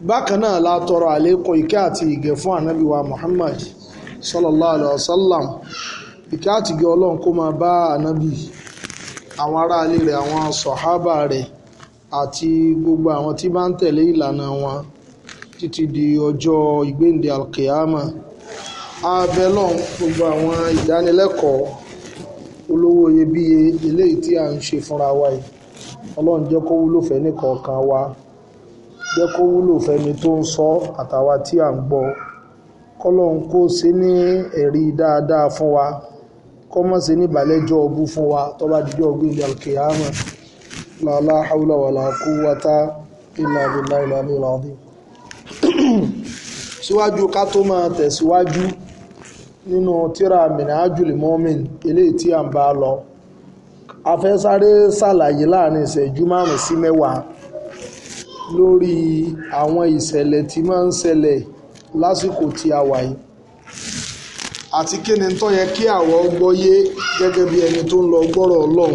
bákan náà la tọrọ àlékún ìkẹ́ àti ìgẹ̀ fún ànábì wa Muhammad sallallahu alayhi wa sallam ìkẹ́ àti ìgẹ̀ ọlọ́run kó máa bá ànábì àwọn aráalé rẹ̀ àwọn sọ̀hábà rẹ̀ àti gbogbo àwọn tí bá ń tẹ̀lé ìlànà wọn títí di ọjọ́ ìgbéǹde alkiyama abẹ́lọ́n gbogbo àwọn ìdánilẹ́kọ̀ọ́ olówó iyebíye eléyìí tí a ń ṣe fúnra wa yìí ọlọ́run jẹ́ kó wúlò fẹ́ nìkọ̀ọ̀kan wa. jẹ́ kó wúlò fẹ́ni tó ń sọ àtàwa tí à ń gbọ́ kọ́lọ́hún kó ṣe ní ẹ̀rí dáadáa fún wa kọ́mọ́ ṣe ní ìbàlẹ́jọ́ ọbú fún wa tọ́ba dídí ọgbìn ìdí alkiyama làlá haúlà wàlà kú wátá ìlà ìlà ìlà ìlà ọdún. síwájú ká tó máa tẹ̀síwájú nínú tíra minhajul mu'min eléyìí tí à ń bá lọ a fẹ́ sáré ṣàlàyé láàrin ìṣẹ́jú márùn-ún sí mẹ́wàá lórí àwọn ìṣẹ̀lẹ̀ tí máa ń ṣẹlẹ̀ lásìkò tí a wà yìí àti kí ni tó yẹ kí àwọn gbọ́yé gẹ́gẹ́ bí ẹni tó ń lọ gbọ́rọ̀ ọlọ́run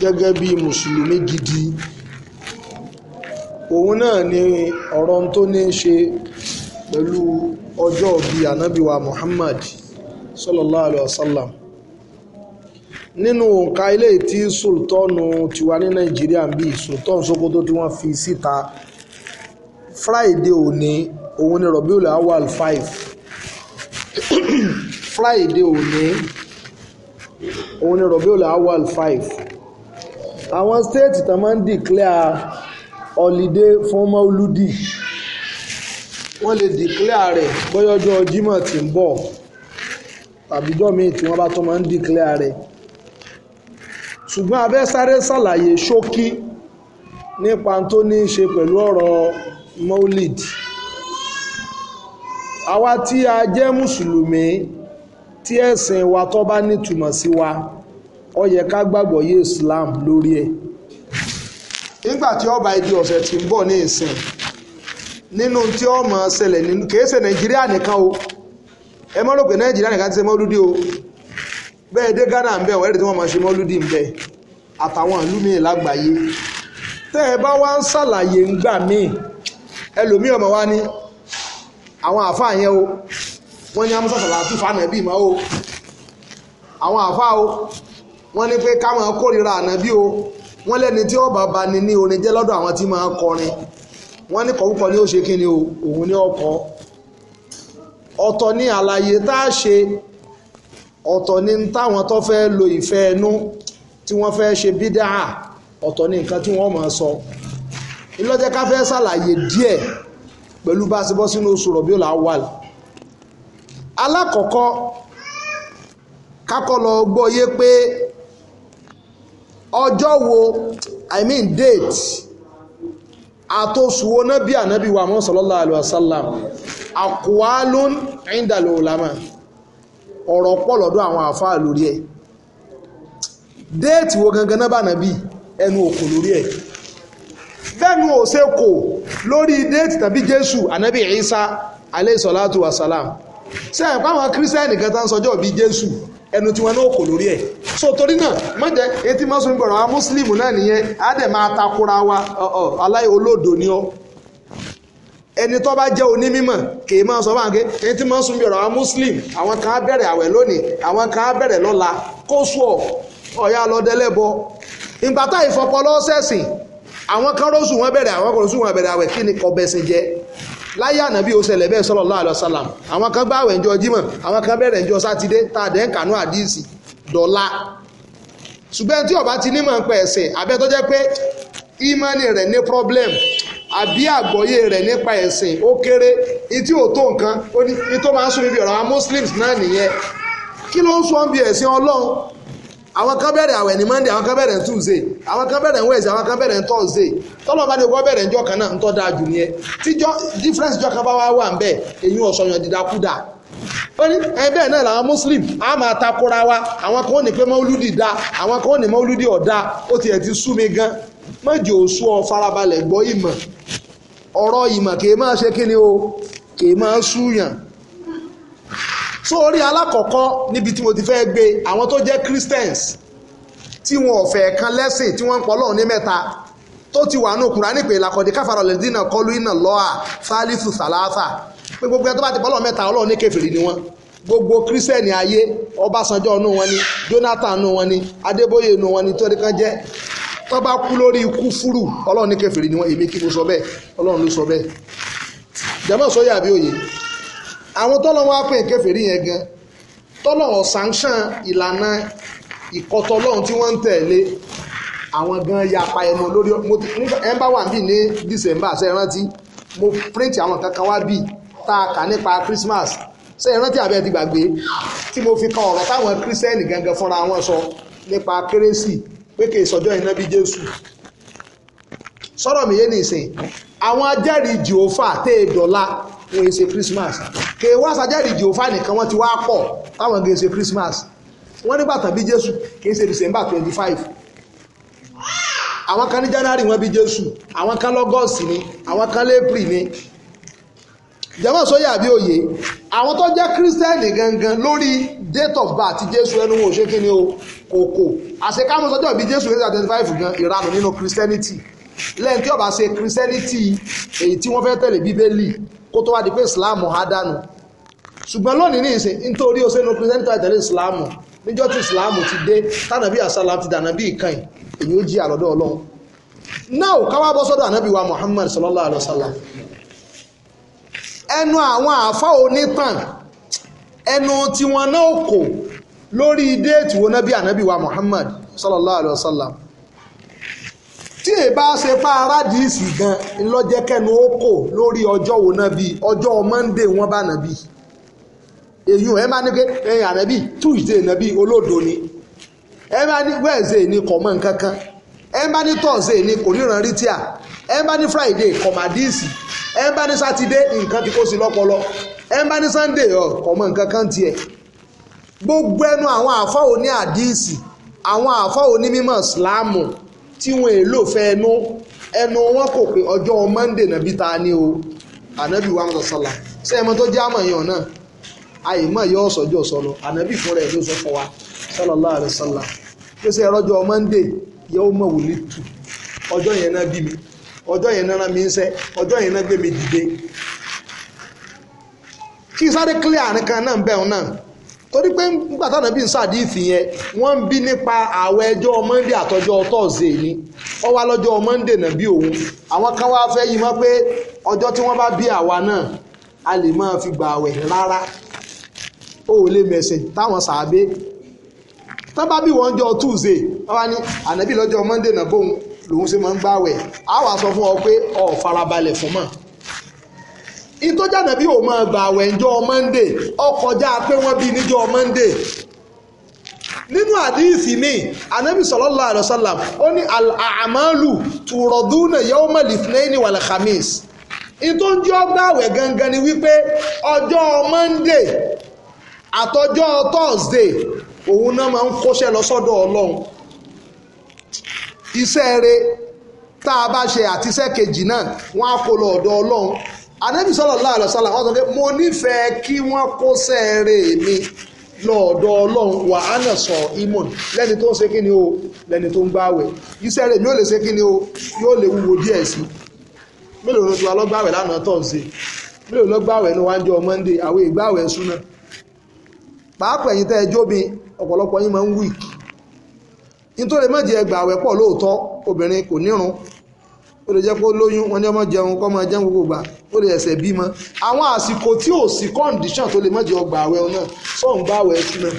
gẹ́gẹ́ bí mùsùlùmí gidi òun náà ni ọ̀rọ̀ tó ní í ṣe pẹ̀lú ọjọ́ bíi ànábìwá Muhammad sallallahu alayhi wa sallam nínú òǹkà ilé tí sultanu ti wà ní nàìjíríà ń bí sultan sokoto tí wọ́n fi síta friday òní òun ni Rabiul Awwal five friday òní òun ni Rabiul Awwal five àwọn stéètì tán máa ń declare holiday fún mauludi wọ́n lè declare rẹ̀ bọ́yọ́jọ́ Jímọ̀ tí ń bọ̀ tàbíjọ́ míì tí wọ́n bá tún máa ń declare rẹ̀ ṣùgbọ́n abẹ́ sáré ṣàlàyé ṣókí nípa tó ní í ṣe pẹ̀lú ọ̀rọ̀ maulid àwa tí a jẹ́ mùsùlùmí tí ẹ̀sìn wa tó bá nítumọ̀ sí wa ó yẹ ká gbàgbọ́ yé Islam lórí ẹ̀ nígbà tí ó bá di ọ̀sẹ̀ tí ń bọ̀ ní ìsìn nínú tí ó máa ṣẹlẹ̀ kìí ṣe Nàìjíríà nìkan o ẹ má rò pé Nàìjíríà nìkan ti ṣe mọ́lúdí o bẹ́ẹ̀ dé Ghana ń bẹ̀ wẹ́rẹ́ tí wọ́n máa ṣe mọ́lúdì ń àtàwọn ìlú lágbàáyé bá wá ń ṣàlàyé ńgbà míì ẹlòmíì ọmọ wa ní àwọn àáfàá yẹn o wọ́n ní amúsàsà fànà bíi mọ́ o àwọn àáfàá o wọ́n ní o wọ́n lẹ́ni tí ọba bá ní ní orin jẹ́ lọ́dọ̀ àwọn tí ni òun ní ọkọ̀ ọ̀tọ̀ ni táwọn tó fẹ́ lo ìfẹ́ ẹnu tí wọ́n fẹ́ ṣe bídà ọ̀tọ̀ ni nǹkan tí wọ́n máa sọ ìlọ́jẹ́ ká fẹ́ ṣàlàyé díẹ̀ pẹ̀lú bá a ṣe bọ́ sínú oṣù rọ̀bí ọ̀la wà lẹ̀ alákọ̀ọ́kọ́ kákọ́ lọ gbọ́ yé pé ọjọ́ wo i mean date àtòsùwọ́n náà bí ànábì wa mọ́ sallallahu alaihi wasallam àkùwálún indal ulama ọ̀rọ̀ pọ̀ àwọn àfáà lórí ẹ̀ déètì wo gangan náà bá nàbí ẹnu òkò lórí ẹ̀ bẹ́ẹ̀nu òsè kò lórí déètì tàbí jésù ànábì ìsá aleyhisalatu wasalam ṣe àyẹ̀pá àwọn kírísítẹ́nì kan ń sọjọ́ bí jésù ẹnu tí wọn náà kò lórí ẹ̀ so torí náà etí mùsùlùmí náà nìyẹn á dẹ̀ máa wa ni ọ́ ẹni tó bá jẹ́ onímọ̀ kìí máa sọ fáwọn pé ẹni tí máa ń sun bí ọ̀rọ̀ àwọn muslim àwọn kan á bẹ̀rẹ̀ àwẹ̀ lónìí àwọn kan á bẹ̀rẹ̀ lọ́la kó sùn ọ̀ ọ̀yà lọ́dẹ́lẹ́bọ ìgbà táyì fọpọlọ sẹ́sìn àwọn kan rọ́ọ̀sù wọn bẹ̀rẹ̀ àwọn kan rọ́ọ̀sù wọn bẹ̀rẹ̀ àwẹ̀ kí ni kọ̀bẹ̀sìn jẹ́ láyé ànábì ó ṣẹlẹ̀ bẹ́ẹ̀ sallallahu alaihi wasallam àwọn kan gbààwẹ̀ ńjọ́ jímọ̀ àwọn kan bẹ̀rẹ̀ ńjọ́ sátidé tá a dẹ̀ ń kànú àdíìsì dọ̀la ṣùgbọ́n tí ọba ti nímọ̀ ń pẹ̀ ẹ̀sìn abẹ́ tó jẹ́ pé ìmánì rẹ̀ ní problem àbí àgbọ́yé rẹ̀ nípa ẹ̀sìn ó kéré etí ò tó nǹkan ó ní ní tó máa ń sún níbi ọ̀rọ̀ àwọn muslims náà nìyẹn kí ló ń sọ bí ẹ̀sìn ọlọ́run àwọn kan bẹ̀rẹ̀ àwẹ̀ ní monday àwọn kan bẹ̀rẹ̀ ní tuesday àwọn kan bẹ̀rẹ̀ ní wednesday àwọn kan bẹ̀rẹ̀ ní thursday bá ní kan náà ń tọ́ kan bá wá wà ó wa àwọn kan ní pé mọ́lúdì dá àwọn kan ní mọ́lúdì ọ̀dá ó tiẹ̀ ti sú ọ̀rọ̀ ìmọ̀ kìí máa ṣe kí ni o kìí máa súyàn sórí alákọ̀ọ́kọ́ níbi tí mo ti fẹ́ gbé àwọn tó jẹ́ Christians tí wọn ò fẹ́ kan lẹ́sìn tí wọ́n ń pọ̀ lọ́hùn ní mẹ́ta tó ti wà ní Kùránì pé làkọ̀dé káfàrọ̀ lè dínà kọlu iná lọ́à sálífù sàlásà pé gbogbo ẹ tó bá ti bọ́lọ̀ mẹ́ta Ọlọ́run ní kèfèrí ni wọ́n gbogbo kírísẹ́nì ayé Ọbásanjọ́ nù wọn ni Jonathan nù wọn ni Adébóyè nù wọn ni torí tó bá kú lórí kúfúrù ọlọ́run ní kèfèrí ni wọ́n èmi kí mo sọ bẹ́ẹ̀ ọlọ́run ló sọ bẹ́ẹ̀ jẹ́mọ́ sọ́yà àbí òye àwọn tọ́lọ́wọ́n á pè ń kèfèrí yẹn gan tọ́lọ́wọ́n sanction ìlànà ìkọ́tọ̀ ọlọ́run tí wọ́n ń tẹ̀lé àwọn gan yapa ẹnu lórí ẹ̀ ń bá wà bíi ní December ṣe rántí mo print àwọn kankan wá bíi tá a kà nípa Christmas ṣe rántí àbẹ́ ti gbàgbé tí mo fi kan ọ̀rọ̀ táwọn kírísítẹ́nì gangan fúnra wọn sọ nípa kérésì pé kì í sọjọ́ iná bí Jésù sọ̀rọ̀ mi yé nìsín àwọn ajẹ́rìí jehova tẹ́ ẹ dọ́là wọ́n ṣe Christmas kì í wá sajẹ́rìí jehova nìkan wọ́n ti wá pọ̀ táwọn kì í ṣe Christmas wọ́n nígbà tán bí Jésù kì í ṣe December twenty five àwọn kan ní January wọ́n bí Jésù àwọn kan lọ́gọ́ọ̀sì ni àwọn kan lẹ́pìrì ni jẹ́mọ̀ sọ́yà àbí òye àwọn tó jẹ́ kírísítẹ́nì gangan lórí date of birth jésù ẹnu wọn ò ṣe kíni o kòkò àṣekámọ́ sọ́jọ́ bí jésù eight twenty five gan ìranù nínú kírísítẹ́nìtì lẹ́yìn tí ó bá ṣe kírísítẹ́nìtì èyí tí wọ́n fẹ́ tẹ̀lé bíbélì kó tó wá di pé ìsìláàmù á dànù ṣùgbọ́n lónìí ní ìsìn nítorí òṣèlú kírísítẹ́nìtì tẹ̀lé ìsìláàmù níjọ́ tí ìsìláàmù ti dé tànàbí àṣàlà ti dànàbí ìkànnì èyí ó jí àlọ́dọ̀ ọlọ́run náà káwá wa Muhammad sallallahu alayhi wa ẹnu àwọn àáfà onítàn ẹnu tiwọn náà kò lórí déètì wo nábì ànábì wa Muhammad sallallahu alayhi wa sallam tí èbá ṣe pa aráàdìsì gan ńlọ́jẹ́kẹ́nu ó kò lórí ọjọ́ wo nábì ọjọ́ Monday wọn bá nábì èyí ẹ máa ní pé nabi ànábì Tuesday nábì olódo ni ẹ máa ní Wednesday ní kọ̀mọ́ nǹkan kan ẹ máa ní Thursday ní kò níran ẹ bá friday kọ̀mádìsì ẹ bá ní sátidé nǹkan ti kò sí lọ́pọlọ ẹ bá sunday ọ̀ oh, kọ̀mọ nǹkan kan gbogbo ẹnu àwọn àfa òní àdìsì àwọn àfa òní mímọ̀ síláàmù tí wọn èlò fẹ́ ẹnu ẹnu wọn kò pé ọjọ́ monday nàbí ta ni o ànábì wa mọ̀ si ṣé ẹ mọ̀ tó jẹ́ àmọ̀ yàn náà àyèmọ̀ yọ ọ̀sọ̀jọ́ sọ̀rọ̀ ànábì fúnra ẹ̀ ló sọ fún wa sallallahu alaihi wasallam pèsè ẹ̀rọ́jọ́ monday yẹ́wò mọ̀ wòlé tù ọjọ́ yẹn náà bí mi ọjọ́ yẹn náà mi ń sẹ́ ọjọ́ yẹn náà gbé mi dìde kí sáré clear àárín kan náà bẹ́ẹ̀ náà torí pé nígbà táwọn ẹbí ń sàdíìfì yẹn wọ́n ń bí nípa àwọn ẹjọ́ monday àtọjọ́ thursday ni ó wá lọ́jọ́ monday náà bí òun àwọn kan wá fẹ́ yí mọ́ pé ọjọ́ tí wọ́n bá bí àwa náà a lè máa fi gbà àwẹ̀ rárá ó lè mẹ̀sẹ̀ táwọn sàábé tán bá bí wọ́n jọ tuesday wọ́n wá ní ànábì lọ́jọ́ monday náà bóun lòun ṣe máa ń gbàwẹ̀ á wàá sọ fún ọ pé ọ farabalẹ̀ fún mọ̀ ìtọ́jànà bí òun máa gbàwẹ̀ ńjọ́ Monday ọkọjá pé wọ́n bí níjọ́ Monday nínú àdíìsì mi anábì sọlọ́lá àdọ́sọ́là ó ní àmàlù tùrọ̀dúnà yawma lithnaini wal khamis ìtò ń jẹ́ ọgbàwẹ̀ gangan ni wípé ọjọ́ Monday àtọjọ́ Thursday òun náà máa ń kóṣẹ́ lọ sọ́dọ̀ Ọlọ́run iṣẹ́ rẹ tá a bá ṣe àti iṣẹ́ kejì náà wọ́n á kó lọ ọ̀dọ̀ ọlọ́run anabi sallallahu alaihi wasallam wọ́n sọ pé mo nífẹ̀ẹ́ kí wọ́n kó sẹ́ẹ̀rẹ̀ mi lọ́ọ̀dọ̀ ọlọ́run wà á nà sọ imon lẹ́ni tó ń ṣe kí ni o lẹ́ni tó ń gbààwẹ̀ iṣẹ́ rẹ̀ mi ò lè ṣe kí ni o yóò lè wúwo díẹ̀ sí mélòó ló ti wá lọ́gbàwẹ̀ lánàá tó ń ṣe mélòó lọ́gbàwẹ̀ ní wájú monday àwọn ìgbàwẹ̀ súnà pàápàá ẹ̀yin tẹ́ ẹ jóbi ọ̀pọ̀lọpọ̀ yín máa ń wíìkì nítorí má jẹ ẹgbà àwẹ̀ pọ̀ lóòótọ́ obìnrin kò nírun ó lè jẹ́ pé ó lóyún wọn ní ọmọ jẹun kọ́ máa jẹun gbogbo gbà ó lè ẹsẹ̀ bímọ àwọn àsìkò tí ò sí kọ́ndíṣàn tó lè má jẹ ọgbà àwẹ̀ náà sọ̀hún bá àwẹ̀ sí náà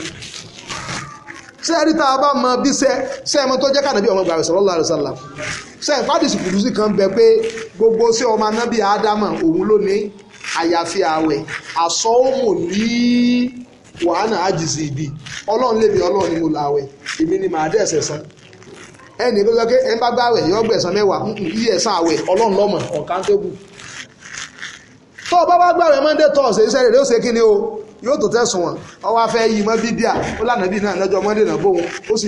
ṣé ẹni tá a bá mọ bí sẹ ṣé ẹmọ tó jẹ́ kànábí ọmọ gbàgbé sallallahu alaihi wasallam ṣé ìfádìsì kùdùsì kan bẹ pé gbogbo ṣé ọmọ anábì ádámà òun ló ní àyàfi àwẹ̀ àsọ́ọ̀mù ní wàhánà àjìsí ibi ọlọ́run lèmi ọlọ́run ni mo là wẹ̀ èmi ni màá dẹ̀ sẹ̀sán ẹnì tó sọ pé ẹ bá wẹ̀ yọ mẹ́wàá yí ẹ̀sán àwẹ̀ ọlọ́run lọ́mọ tó o bá bá wẹ̀ rẹ̀ ló o yóò tó wọn ọwọ́ afẹ́ yìí mọ́ bíbíà ó lànà bíi náà lọ́jọ́ náà bóun ó sì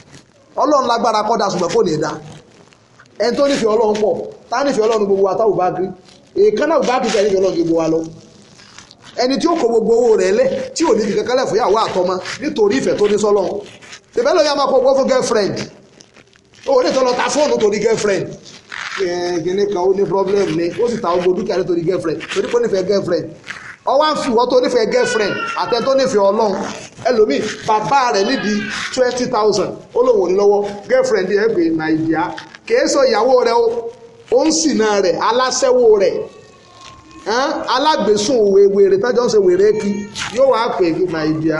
ọlọ́run lágbára kọ́ da ṣùgbọ́n kò ní da ẹni tó nífẹ̀ẹ́ ọlọ́run pọ̀ tá nífẹ̀ẹ́ ọlọ́run gbogbo wa táwọn bá gírí èèkan náà bá kìí nífẹ̀ẹ́ ọlọ́run gbogbo wa lọ ẹni tí ó kó gbogbo owó rẹ̀ lẹ̀ tí ò ní fi kankan lẹ̀ fún ìyàwó àtọmọ nítorí ìfẹ́ tó ní sọ́lọ́run tẹ̀fẹ́ lóye máa kó fún girlfriend ó ní tọ́lọ ta fóònù torí girlfriend kìnìkan ó ní problem ni ó sì ta ogbó dúkìá nítorí girlfriend torí kò nífẹ̀ẹ́ girlfriend ọwọ́ àfi ìwọ́ tó nífẹ̀ẹ́ girlfriend àtẹni tó nífẹ̀ẹ́ ọlọ́run ẹlòmíì bàbá rẹ̀ nídìí twenty thousand ó lòun ò ní lọ́wọ́ girlfriend ẹ̀ pé nàìjíríà kìí sọ ìyàwó rẹ̀ o ó ń sìnà rẹ̀ aláṣẹ́wó rẹ̀ alágbèsùn wèrè tájọ́ ń ṣe wèrè kí yóò wá pè é nàìjíríà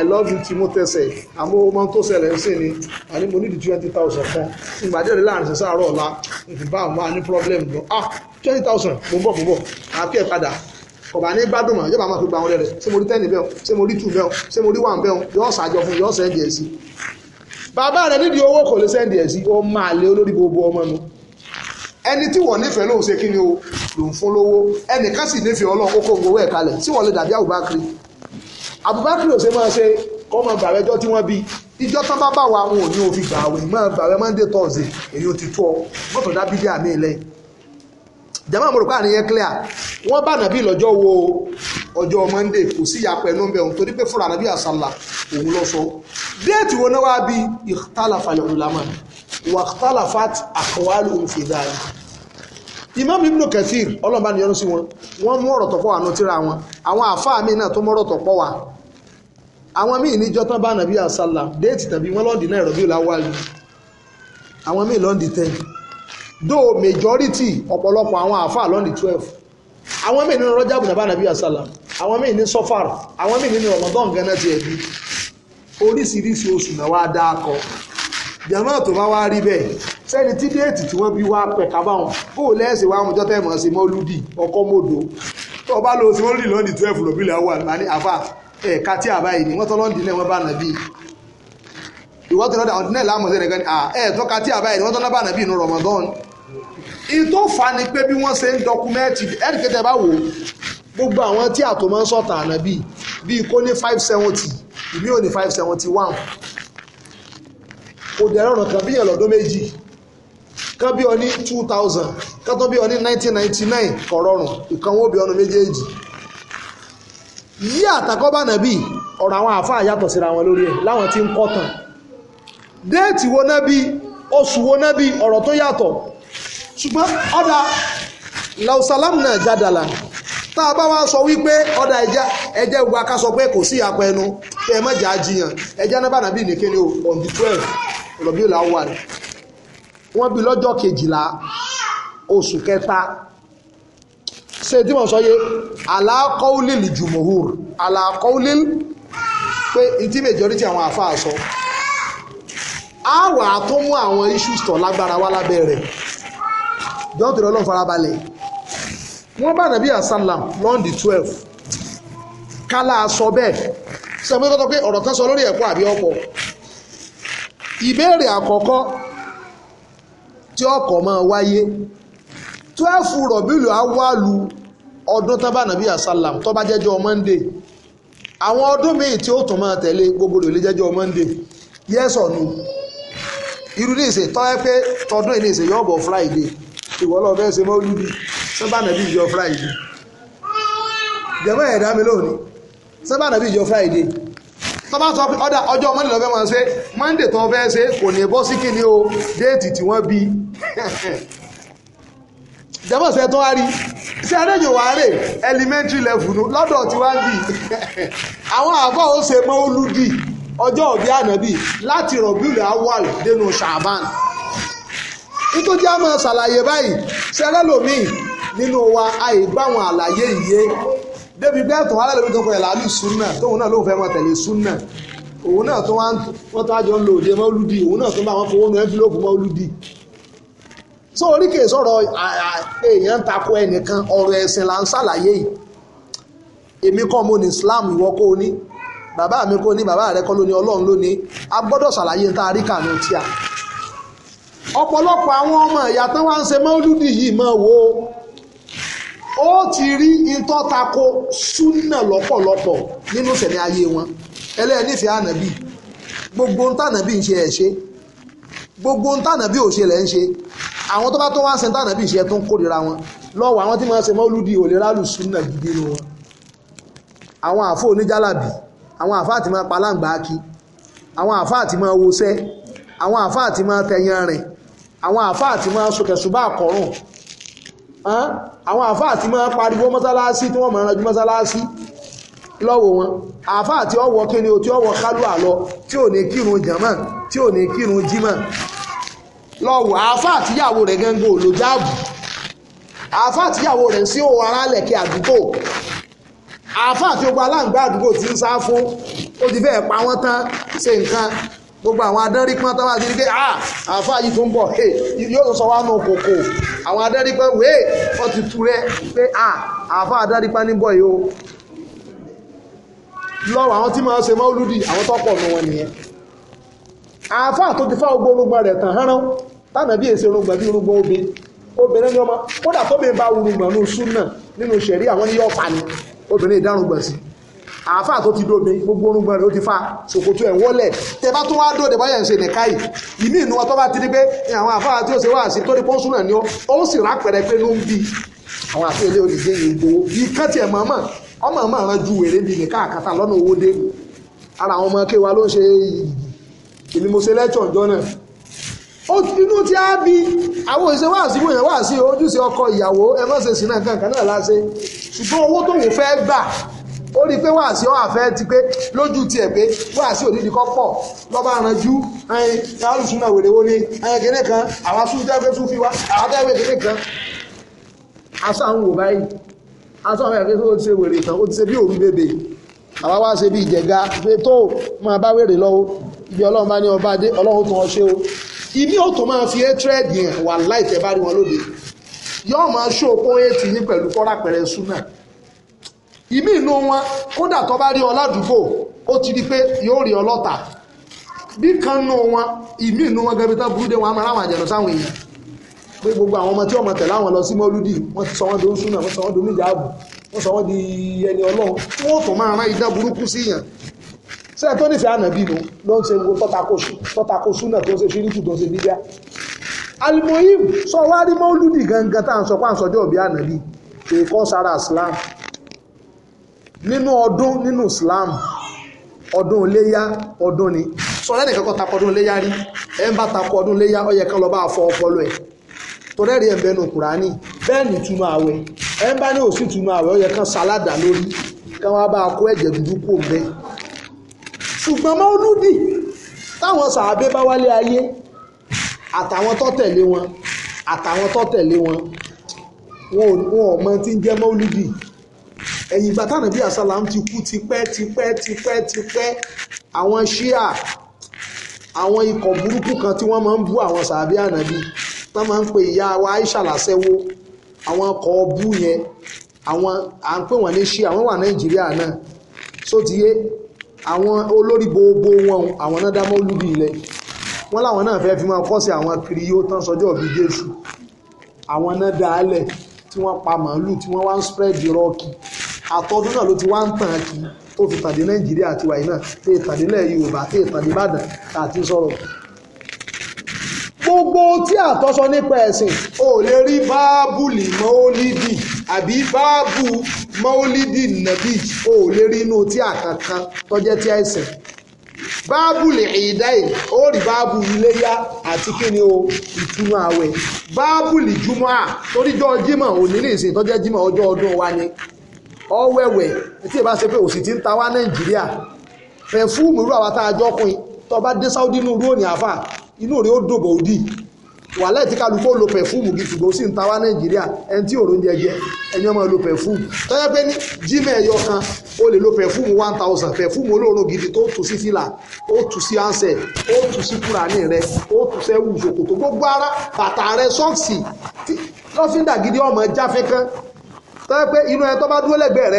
i love you timotese àmọ́ ọmọ tó ṣẹlẹ̀ ń sìn ni àní mo nídìí twenty thousand kan ìgbàdé rẹ̀ láàrin sísá àárọ̀ ọ̀la ìfìbá àwọn máa problem lọ ah twenty thousand mo bọ̀ mo bọ̀ àkẹ́ padà kọ̀bà ní gbádùn mọ̀ yóò bá máa fi gba àwọn rẹ̀ ṣé mo rí tẹ́nì bẹ́ẹ̀ ṣé mo rí tù bẹ́ẹ̀ ṣé mo rí wà bẹ́ẹ̀ yóò ṣàjọ fún yóò sẹ́ndì ẹ̀ sí bàbá rẹ̀ nídìí owó kò lè sẹ́ndì ẹ̀ sí ó máa lé olórí gbogbo ọmọ nu ẹni tí wọ́n nífẹ̀ẹ́ lòun ṣe kí ni o lòun fún lówó ẹnìkan sì nífẹ̀ẹ́ ọlọ́run ó kó gbowó ẹ̀ kalẹ̀ tí wọ́n lè dàbí àbúbákiri àbúbákiri ò ṣe máa ṣe kọ́ máa bàrẹ́ ọjọ́ tí wọ́n bí ìjọ tán bá bá wa wọn ò ní òfin gbààwẹ̀ máa bàrẹ́ monday thursday èyí ò ti tó ọ mọ́tò dábídé àmì ìlẹ́yìn jama mo rò pé àníyàn clear wọ́n bá nàbí lọ́jọ́ wo ọjọ́ monday kò sí ìyàpọ̀ ẹnu bẹ̀ òun torí pé fúnra nàbí àsálà òun lọ sọ déètì wo náà wá bí ikhtalafa al-ulama wa ikhtalafat aqwaluhum fi dhalik imam ibn kathir ọlọ́mọba ni yọ́nú sí wọn wọ́n mú ọ̀rọ̀ tọ́pọ̀ wà nọtírà wọn àwọn àfáà mi náà tó mọ́rọ̀ tọ́pọ̀ wà àwọn míì níjọ́ tán bá nàbí àsálà déètì tàbí wọ́n lọ́ọ̀dì náà ìrọ̀bí òlà wà lù àwọn míì lọ́ọ̀dì tẹ́ẹ̀ though majority ọ̀pọ̀lọpọ̀ àwọn àáfàá lọ́nà twelve àwọn míì nínú rọ́jà bùnàbà nàbí àsálà àwọn míì ní sọ́fàr àwọn míì nínú Ramadan gánà ti ẹ̀bí oríṣiríṣi oṣù náà wá dá akọ jàmọ́ tó bá wá rí bẹ́ẹ̀ sẹ́ni tí déètì tí wọ́n bí wá pẹ̀ka báwọn kó o lẹ́sìn wá àwùjọ tẹ̀ mọ́ sí mọ́lúdì ọkọ́ mọ́dọ̀ tó o bá lọ sí mọ́lúdì lọ́ndì twelve lọ́bìlẹ̀ àwọn àlùmáni àfà ẹ̀ka tí àbáyé ni wọ́n tọ́ lọ́ndì náà wọ́n bá nàbí ìwọ́n ti lọ́dà àwọn tìǹẹ̀ láàmú sí ẹnìkan ẹ̀ tọ́ka tí àbáyé ni wọ́n tọ́lá bá nàbí inú Ramadan ìtò fa ni pé bí wọ́n ṣe ń dọkumẹ́ntì ẹ̀ẹ́dẹ̀kẹ́tẹ̀ bá wò gbogbo àwọn tí àtò máa ń sọ̀tà ànábì bíi kó ní five seventy ìmí ò ní five seventy one kò dẹ̀rọ̀ ọ̀nà kan bíyàn lọ́dún méjì kan bí ọ ní two thousand kan tó bí ọ nineteen ninety nine kò rọrùn ìkan wo bí ọ̀nà méjèèjì yí àtàkọ́ bá ànábì ọ̀rọ̀ àwọn àáfàá yàtọ̀ síra wọn lórí ẹ̀ láwọn tí ń kọ́ tán déètì wo náà bí oṣù wo náà bí ọ̀rọ̀ tó yàtọ̀ ṣùgbọ́n ọ̀dà lausalam náà jádàlá tá a bá wá sọ wípé ọ̀dà ẹ̀jẹ̀ ẹ̀jẹ̀ gbogbo aká sọ pé kò sí ìyapa ẹnu pé ẹ mọ̀jà jiyàn ẹ̀jẹ̀ náà bàdàbí nìkéde on the twelve ọ̀lọ́bí ò láwọ̀ rẹ̀ wọ́n bí lọ́jọ́ kejìlá oṣù kẹta ṣe tí wọ́n sọ yé aláàkọ́wúlìlì jùmọ̀húr aláàkọ́wúlìlì pé ìtí majority àwọn àfáà sọ á wà á tó mú àwọn issues tó lágbára wá lábẹ́ rẹ̀ jọ́ tó lọ́n farabalẹ̀ wọ́n bá nàbí asalam lọ́ndì twelve kálá sọ bẹ́ẹ̀ sẹ́mi tó tọ́ pé ọ̀rọ̀ kan sọ lórí ẹ̀kọ́ àbí ọ̀pọ̀ ìbéèrè àkọ́kọ́ tí ọkọ̀ máa wáyé twelve rọ̀bìlù awálu ọdún tábà nàbí asalam tó bá jẹ́jọ́ monday àwọn ọdún míì tí ó tún máa tẹ̀lé gbogbo rẹ̀ lè jẹ́jọ́ monday yes or no irú ní ìsè tọ́wẹ́ pé tọdún ìní ìsè yọ̀ bọ̀ friday ìwọ lọ fẹ́ ṣe mọ́ olúbi sábà nàbí ìjọ friday jẹ́mọ́ ẹ̀dá mi lónìí sábà nàbí ìjọ friday tọ́ba sọ pé ọ̀dà ọjọ́ monday lọ́fẹ́ máa ṣe monday tó fẹ́ ṣe kò ní bọ́ sí kíni o déètì tí wọ́n bí jẹ́mọ́ ṣe tó wá rí ṣé arẹ́jọ wàá rè elementary level lọ́dọ̀ tí wọ́n bí àwọn àbọ̀ ó ṣe mọ́ olúbi ọjọ́ òbí ànábì láti rọ̀bìlì awal dénú ṣàbán nítorí a máa ṣàlàyé báyìí ṣẹlẹ̀ lòmíì nínú wa àìgbáwọn àlàyé ìyé débi bẹ́ẹ̀ tó wálé lóbi tó kọ ìlàlú súnà tóun náà ló fẹ́ máa tẹ̀lé súnà òun náà tó wọ́n tó àjọ ń lo òde mọ́lúdì òun náà tó bá wọn fowó nu ẹ́ńfílóòpù mọ́lúdì so oríkè sọ̀rọ̀ èèyàn takò ẹnìkan ọ̀rọ̀ ẹ̀sìn là ń ṣàlàyé yìí èmi kọ́ mo ní Islam ìwọ kò ní bàbá mi kò ní bàbá rẹ kọ́ ló ní ọlọ́run ló ní a gbọ́dọ̀ ṣàlàyé tá a rí kànú tí a. ọ̀pọ̀lọpọ̀ àwọn ọmọ ìyá tán wá ń ṣe mọ́lúdì yìí mọ́ wo ó ti rí ìtọ́tako súnà lọ́pọ̀lọpọ̀ nínú sẹ̀mí ayé wọn ẹlẹ́ẹ̀nífẹ̀ẹ́ ànábì gbogbo ń tànàbí ń ṣe ẹ̀ ṣe gbogbo ń tànàbí ò ṣe lẹ́ ń ṣe àwọn tó bá tó wá ń ṣe tànàbí ṣe tó ń kórìíra wọn lọ́wọ́ àwọn tí wọ́n ṣe mọ́lúdì òlérálù súnà gidi nu wọn àwọn àfọ oníjálàbí àwọn àfáà ti máa palàǹgbà kí àwọn àfáà ti máa wọṣẹ́ àwọn àfáà ti máa tẹ̀yàn rìn àwọn àfáà ti máa sọkẹ̀sùbà kọrùn àwọn àfáà ti máa pariwo mọ́sálásí tí wọ́n máa ranjú mọ́sálásí lọ́wọ́ wọn àfáà tí ọwọ́ kíni o tí ọwọ́ kálùà lọ tí ò ní kírun jàmá tí ò ní kírun jímọ̀ lọ́wọ́ àfáà tíyàwó rẹ̀ gẹ́gẹ́ olójáàbù àfáà tíyàwó rẹ̀ sí òwò arálẹ̀kẹ́ àdúgbò àáfàá àti gbogbo aláǹgbá àdúgbò ti ń sá fún ó ti fẹ́ẹ̀ pa wọ́n tán ṣe nǹkan gbogbo àwọn adẹ́rìpọ́n tó wá sí pé ah, àáfàá yìí tó ń bọ̀ yóò sọ wá nù kòkò àwọn adẹ́rìpọ́n wèé wọ́n ti tu rẹ pé ah, àáfàá adẹ́rìpọ́n ní bọ̀ yìí o lọ́wọ́ àwọn tí máa ṣe mọ́lúdì àwọn tọ́pọ̀ nù wọn nìyẹn àáfàá tó ti fá gbogbo orúgbọ́n rẹ̀ tàn hánrán tánàbí èsè orúgbọ́n bí orúgbọ́n obìnrin obìnrin ni ọmọ kódà tóbi bá orúgbọ́n nù súnà nínú ṣẹ̀rí àwọn yóò pa ni obìnrin ìdárùngbọ̀n sí àáfà tó ti dóbe gbogbo orúngbọ̀n rẹ̀ ó ti fa ṣòkòtò ẹ̀ wọ́lẹ̀ tẹ bá tún wá dóde báyẹn ṣe nìka yìí ìní ìnú ọtọ́ bá ti di pé àwọn àfáà tí ó ṣe wá sí torí pọ́ńsù náà ni ó ó sì rà pẹ̀rẹ̀ pé ló ń bi àwọn àfẹ́ ilé olùdíje yìí gbowó ìkan tiẹ̀ mọ̀ọ́mọ̀ ọmọ ọmọ rẹ ju wèrè bíi nìka àkàtà lọ́nà owó dé ara àwọn ọmọ kéwa ló ń ṣe èmi mo ṣe lẹ́tọ̀ ọjọ́ náà inú tí a bí àwọn òṣìṣẹ́ wà sí ìwòyàn wà sí ojúṣe ọkọ ìyàwó ẹ má ṣe sí náà kankan náà láṣẹ ṣùgbọ́n owó tó wò fẹ́ gbà ó rí i pé wàásì ọ̀ àfẹ́ ti pé lójú tiẹ̀ pé wàásì òdìdí kọ́ pọ̀ lọ́ba àrànjú ẹyin alùsùn náà wèrè wo ni ẹyin kìnìún kan àwọn asúnjẹ́gbẹ́ tún fi wá àwọn tẹ́wé kìnìún kan aṣọ àwọn wò báyìí aṣọ àwọn ẹ̀fẹ́ tó ti ṣe wèrè tán ó ti ṣe bí òru bèbè àwa wá ṣe bí ìjẹ̀ga pé tó máa bá wèrè lọ́wọ́ ibi ọlọ́run bá ní ọba dé ọlọ́run tún ọ ṣe o ìmí ò tó máa fi hatred yẹn wà láì tẹ́ bá rí wọn lóde yóò máa ṣó okó eighty ní pẹ̀lú kọ́ra pẹ̀rẹ̀ súnà ìmí inú wọn kódà tó bá rí ọ ládùúgbò ó ti di pé yóò rí ọ lọ́tà bí kan nù wọn ìmí inú wọn gẹbi tán burúdé wọn a máa ráwọn àjẹnù sáwọn èèyàn pé gbogbo àwọn ọmọ tí ọmọ tẹ̀lé àwọn lọ sí mọ́lúdì wọ́n ti sọ wọ́n di oṣù wọ́n sọ wọ́n di oníjà ààbò wọ́n sọ wọ́n di ẹni ọlọ́run wọ́n tó máa rán idán burúkú sí yàn ṣé tó nífẹ̀ẹ́ ànábì nu ló ń ṣe gbogbo tọ́takóṣù tọ́takóṣù náà tó ń ṣe ṣíríkù tó ń ṣe bíbíà alimoyim sọ wá rí mọ́lúdì gangan tá à ń sọ pé à ń sọjọ́ òbí ànábì èkó sára islam nínú ọdún nínú islam ọdún iléyá ọdún ni sọ̀rọ̀ ẹnìkan kan takọ ọdún iléyá rí ẹ̀ ń bá takọ ọdún iléyá ó yẹ kán lọ bá fọ ọpọlọ ẹ̀ torí ẹ̀rí ẹ̀ ń bẹnu kùránì bẹ́ẹ̀ ni túmọ̀ àwẹ̀ ẹ̀ ń bá ní òsì túmọ̀ àwẹ̀ ó yẹ kán sáládà lórí kán wá bá kó ẹ̀jẹ̀ dúdú kò bẹ́ẹ̀ ṣùgbọ́n mọ́lúdì táwọn sàábé bá wálé ayé àtàwọn tó tẹ̀lé wọn àtàwọn tó tẹ̀lé wọn wọn ò mọ tí ń jẹ́ mọ́lúdì ẹ̀yìn ìgbà táwọn bí àsálàm ti kú tipẹ́ tipẹ́ tipẹ́ tipẹ́ àwọn ṣíà àwọn ikọ̀ burúkú kan tí wọ́n máa ń bú àwọn sàábé ànábì tán máa ń pe ìyá wa Aisha làṣẹ́wó àwọn ọkọ̀ bú yẹn àwọn à ń pè wọ́n ní ṣíà wọ́n wà Nàìjíríà náà sótìyé àwọn olórí gbogbo wọn àwọn náà dá mọ́lúdì ilẹ̀ wọ́n láwọn náà fẹ́ fi máa kọ́sẹ̀ àwọn kiri yóò tán sọjọ́ bíi jésù àwọn náà dá a tí wọ́n pa màálù tí wọ́n wá ń spread rọ́ọ̀kì àtọ́dún náà ló ti wá ń tàn kí tó fi tàdé nàìjíríà àti wàyí náà tẹ ìtàdélẹ̀ yorùbá tẹ ìtàdébàdàn àti sọ̀rọ̀ gbogbo tí àtọ́sọ nípa ẹ̀sìn ò lè rí báábùlì mọ́lídì àbí báábù mọ́wólídì nàbí o ò lè rí inú tí àkànkan tọ́jẹ́ tí àìsàn báàbù lè ìdáì ó rí báàbù iléyá o ìtúnú àwẹ̀ báàbù lè júmọ́ à toríjọ́ jímọ̀ òní ní ìsìn tọ́jẹ́ jímọ̀ ọjọ́ ọdún wa ni ọ̀wẹ̀wẹ̀ tí ìbá ṣe pé òsì ti ń ta wá nàìjíríà fẹ̀ fúùmù irú àwa tá a jọkùn tó bá dé sáúdí inú rú òní àfà inú rẹ̀ ó dòbò wàhálà tí kálukú lo pẹ̀fúmù gidi ṣùgbọ́n sì ń ta wá nàìjíríà ẹni tí òrò ń jẹjẹ ẹni ọmọ lo pẹ̀fúmù tọ́jà pé ní jímẹ̀ ẹ̀yọ kan o lè lo pẹ̀fúmù one thousand pẹ̀fúmù olóòórùn gidi tó tù sí fìlà ó tù sí ansẹ̀ ó tù sí kúránì rẹ ó tù sẹ́wù ṣòkòtò gbogbo ara bàtà rẹ sọ́ọ̀sì lọ́fíńdà gidi ọmọ jáfẹ́ kan tọ́jà pé inú ẹ tó bá dúró lẹ́gbẹ̀ẹ́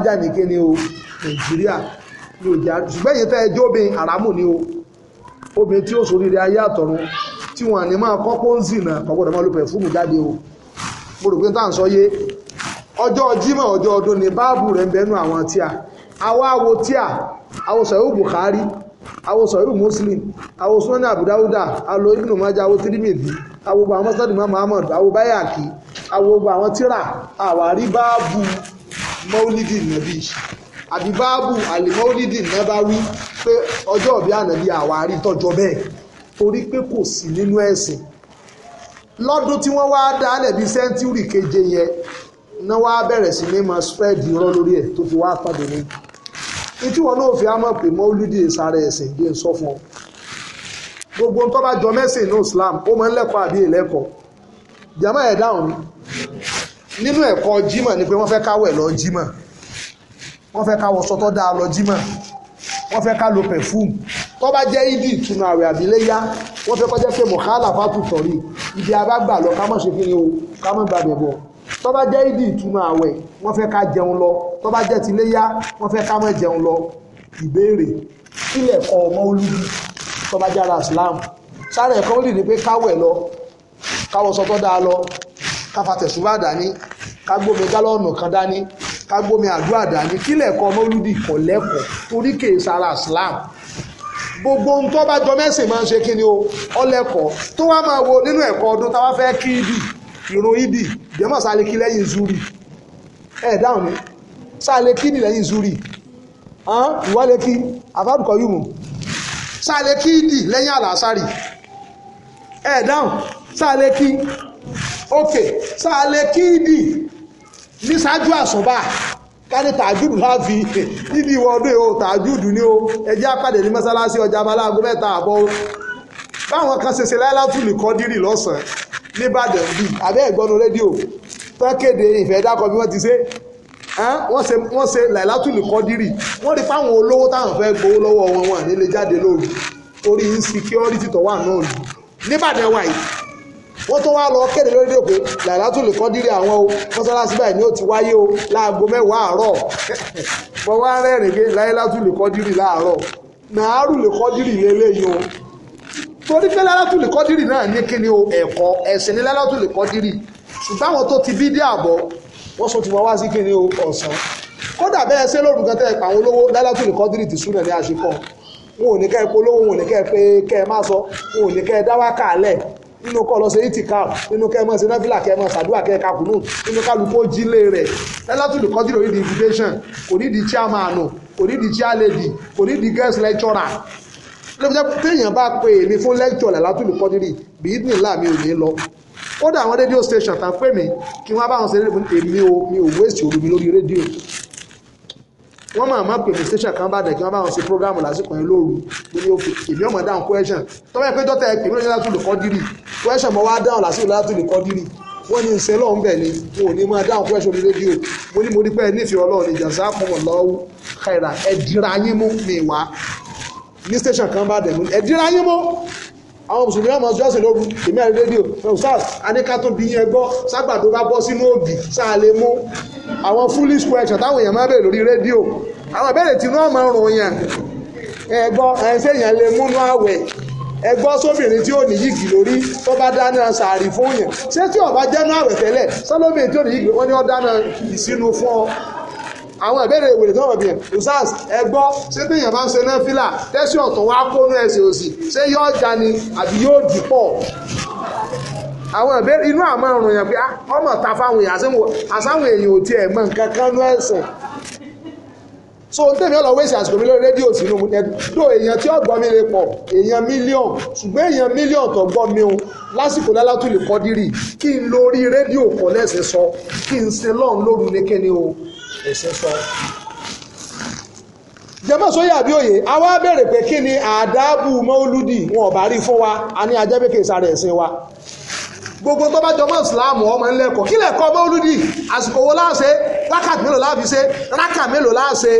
rẹ nàìjíríà ló jẹ́ ṣùgbọ́n èyí tẹ́ ẹjọ́ obìnrin àràmù ni o obìnrin tí ó ṣoríire ayé àtọ̀run tí wọ́n ní máa kọ́ pọ́ńsì náà kọ́gbọ́dọ̀ máa lo pẹ̀fúmù jáde o mo rò pé tá à ń sọ yé ọjọ́ Jímọ̀ ọjọ́ ọdún ni báàbù rẹ̀ ń bẹnu àwọn tíà àwa wo tíà àwòsàn yóò Bukhari awosan irú muslim awosan ní abudawuda alo ibnu maja awo tirimidi awogbo àwọn masadi ma muhammad awo bayaki awogbo àwọn tírà àwárí báàbù maulidi nabi àbí báàbù àlìmọ́lídì nàbáwí pé ọjọ́ ìbí ànàbí àwárí tọ́jọ́ bẹ́ẹ̀ torí pé kò sí nínú ẹ̀sìn lọ́dún tí wọ́n wá dálẹ̀ bíi sẹ́ńtúrì keje yẹn náà wá bẹ̀rẹ̀ sí ní máa spread irọ́ lórí ẹ̀ tó fi wá pàdé ní ìtí wọn náà fi á mọ̀ pé mọ́lídì sára ẹ̀sìn bí n sọ fún ọ gbogbo tó bá jọ mẹ́sìn ní Islam ó máa ń lẹ́kọ̀ọ́ àbí ìlẹ́kọ̀ọ́ jàmá ẹ̀ dáhùn nínú ẹ̀kọ́ Jímọ̀ ni pé wọ́n fẹ́ káwẹ̀ lọ Jímọ̀ wọ́n fẹ́ ká wọṣọ tó dáa lọ jímọ̀ wọ́n fẹ́ ká lo perfume tó bá jẹ́ ibi ìtùnú àwẹ̀ àbíléyá wọ́n fẹ́ kọjá pé mọ̀hálà fátù tọ̀rí ibi abágbà lọ ká mọ̀ ṣe kí ni o ká mọ̀ gbàgbẹ́ bọ̀ tó bá jẹ́ ibi ìtùnú àwẹ̀ wọ́n fẹ́ ká jẹun lọ tó bá jẹ́ tiléyá wọ́n fẹ́ ká mọ̀ jẹun lọ ìbéèrè kílẹ̀ kọ ọmọ olúbi tó bá jára Islam sára ẹ̀kọ́ ó lè ní pé káwẹ̀ lọ káwọ́ sọ tó dáa lọ káfa tẹ̀sùbá dání ká gbómi gálọ́ọ̀nù kan dání kágbómi àdúrà dání kílẹ̀ kọ́ mọ́lúdì kọ́ lẹ́kọ̀ọ́ torí kèé sara Islam gbogbo ohun tó bá jọ mẹ́sìn máa ń ṣe kí ni o ọlẹ́kọ̀ọ́ tó wá máa wo nínú ẹ̀kọ́ ọdún táwa fẹ́ kí ibi ìrun ibi jẹ́mọ̀ sáré kí lẹ́yìn zuri ẹ̀ dáhùn ni sáré kí ni lẹ́yìn zuri ìwọ́lẹ̀ kí àfábùkọ̀ yìí mú sáré kí ibi lẹ́yìn àlàsárì ẹ̀ dáhùn sáré kí ok sáré kí ibi níṣáájú àsùnbà káni tàjúdù láàfi níbi ìwọ ọdún o tàjúdù ni o ẹjẹ́ apàdé ní mọ́sálásí ọjà balágo mẹ́ta àbọ̀ o báwọn kan ṣe ṣe láìlátùlì kọ́dírì lọ́sàn-án nìbàdàn bíi abẹ́ ìgbọ́nu rédíò tán kéde ìfẹ́ dákọ̀ bí wọ́n ti ṣe wọ́n ṣe láìlátùlì kọ́dírì wọ́n rí fáwọn olówó táwọn fẹ́ gbowó lọ́wọ́ wọn wọn nílé jáde lóru orí insecurity tó wà náà nìbàdàn wáyé wọ́n tó wá lọ kéde lórí dè pé làlátùlù kọ́ dírí àwọn o mọ́sálásí báyìí ni ó ti wáyé o láago mẹ́wàá àárọ̀ mo wá rẹ́rìn pé làlátùlù kọ́ dírí láàárọ̀ nàárù lè kọ́ dírí lélẹ́yìn o torí pé làlátùlù kọ́ dírí náà ní kíni o ẹ̀kọ́ ẹ̀sìn ní làlátùlù kọ́ dírí ṣùgbọ́n àwọn tó ti bí dé àbọ̀ wọ́n sọ ti wọ́n wá sí kíni o ọ̀sán kódà bẹ́ẹ̀ ṣé lóòrùn kan tẹ́ ẹ̀ pa àwọn olówó làlátùlù kọ́ dírí ti súnà ní àṣekọ́ wọn ò ní kẹ́ ẹ polówó wọn ò ní kẹ́ ẹ pé kẹ́ ẹ má sọ wọn ò ní kẹ́ ẹ dáwà kálẹ̀ nínú kọ́ lọ ṣe itikaf nínú kẹ́mọ́ ṣe náfìlà kẹ́mọ́ ṣàdúrà kẹ́ka kùnú nínú kálukú jílé rẹ̀ lẹ́látùlù kọ́jú lórí di invitation kò ní di chairman kò ní di chairlady kò ní di guest lecturer lọ́pọ̀ téèyàn bá pe èmi fún lecture lẹ́látùlù kọ́jú rí bí ìdílé ńlá mi ò ní lọ kódà àwọn rédíò station a pé mi kí wọ́n bá wọn ṣe rédíò èmi ò mi ò waste òru mi lórí rédíò wọ́n máa má pè mí station kan bá dẹ̀ kí wọ́n bá wọn ṣe program lásìkò yẹn lóru mo ní òkè èmi ọmọ dáhùn question tọ́wọ́ ẹ pé dọ́tà ẹ pè lọ́jọ́ látúlù kọ́ dírì question mo wá dáhùn lásìkò látúlù kọ́ dírì wọ́n ní ìṣẹ́ lọ́hún bẹ̀ ni n ò ní máa dáhùn question ní rédíò mo ní mo ní pé ẹ nífẹ̀ẹ́ ọlọ́run ìjà sáàpọ̀ lọ́wọ́ kàìrà ẹ mú mi wá ní station kan bá dẹ̀ ẹ dira mú àwọn mùsùlùmí ọmọ jọ́sìn lóru èmi àrí rédíò sars adékátó bí yẹn gbọ́ ságbàdo bá bọ́ sínú òbí sáà lè mú àwọn foolish question táwọn èèyàn máa bèèrè lórí rédíò àwọn ìbéèrè tí wọ́n máa ń rùn yàn ẹ̀gbọ́ ẹ̀ṣẹ̀ yẹn lè múnú àwẹ̀ ẹ̀gbọ́ sóbìnrin tí ó ní yìgì lórí tó bá dáná sàárì fún yàn ṣé tí ọba jẹ́nu àwẹ̀ tẹ́lẹ̀ sọ́lọ́bìnrin tí ó ní yìgì wọ́n ní ó dáná ìsinú fún ọ àwọn ìbéèrè ìwèrè tó wọ̀bìyàn usas ẹgbọ́ ṣé téèyàn bá ń ṣe náà fílà tẹ́sí ọ̀tún wá kónú ẹsẹ̀ òsì ṣé yóò já ni àbí yóò dì pọ̀ àwọn ìbéèrè inú àmọ́ ọ̀rùn yẹn pé ah, ọmọ ta fáwọn èèyàn àsáwọn èèyàn ò tiẹ̀ mọ nǹkan kan ní ẹ̀sìn so tèmi ọlọ́wọ́ èsì àsìkò mi lórí rédíò sínú mu ẹ tó èèyàn tí ọgbọ́n mi lè pọ̀ èèyàn mílíọ̀n ṣùgbọ́n èèyàn mílíọ̀n tó gbọ́ mi o lásìkò lálátù lè kọ́ dírì kí n lórí rédíò kọ́ lẹ́sẹ̀ sọ kí n ṣe lọ́n lóru ní kíni o essential. jẹ́mọ̀ sóyè òye a wá pé kí ni àdábù mọ́lúdì wọn rí fún wa a ní ẹ̀sìn wa gbogbo tó bá jọmọ́ ìsìláàmù ọmọ ẹlẹ́kọ̀ọ́ kí lẹ́kọ̀ọ́ mọ́lúdì àsìkò wo láàṣẹ mélòó rákà mélòó láàṣẹ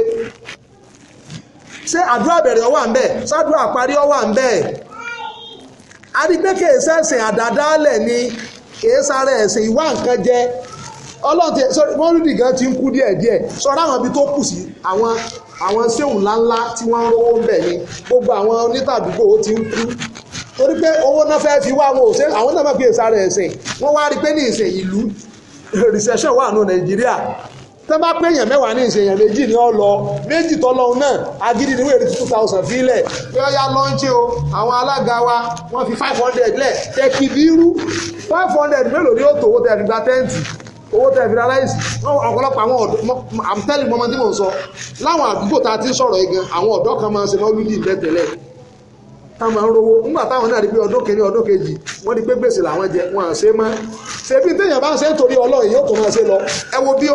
ṣé àdúrà bẹ̀rẹ̀ ọwà ń bẹ̀ parí ọwà ń bẹ̀ ìsẹ̀sìn ọlọ́run ti sọ wọ́n rí nìkan ti ń kú díẹ̀ díẹ̀ sọ ráwọn ibi tó kù sí àwọn àwọn séwù ńláńlá tí wọ́n ń rówó ń bẹ̀ ni gbogbo àwọn onítàdúgbò ó ti ń kú torí pé owó náà fẹ́ fi wá àwọn òṣè àwọn náà má fi èsà rẹ̀ ẹ̀sìn wọ́n wá rí pé ní ìsìn ìlú recession wà nù nàìjíríà tó bá pé èèyàn mẹ́wàá ní ìṣèyàn méjì ní ọlọ méjì tọ́lọ́hún náà agídí ní wèrè two thousand fílẹ̀ pé ọ̀yá lọ́ńchẹ́ o àwọn alága wa wọ́n fi five hundred lẹ̀ tẹ̀kì bí irú five hundred mélòó ni ó tòwó tẹ̀ nígbà tẹ́ǹtì owó tẹ́ fi ra láìsí ọ̀pọ̀lọpọ̀ àwọn ọ̀dọ́ i'm telling mọ́mọ́ tí mò ń sọ láwọn àdúgbò tá a ti ń sọ̀rọ̀ yìí gan àwọn ọ̀dọ́ kan máa ń ṣe mọ́lúdì lẹ́tẹ̀lẹ̀ tá a máa ń rówó nígbà táwọn náà rí pé ọdún kìíní ọdún kejì wọ́n di pé gbèsè làwọn jẹ wọn à ṣe mọ́ ṣebí téèyàn bá ń ṣe ń torí ọlọ́run yóò tó máa ṣe lọ ẹ wo bí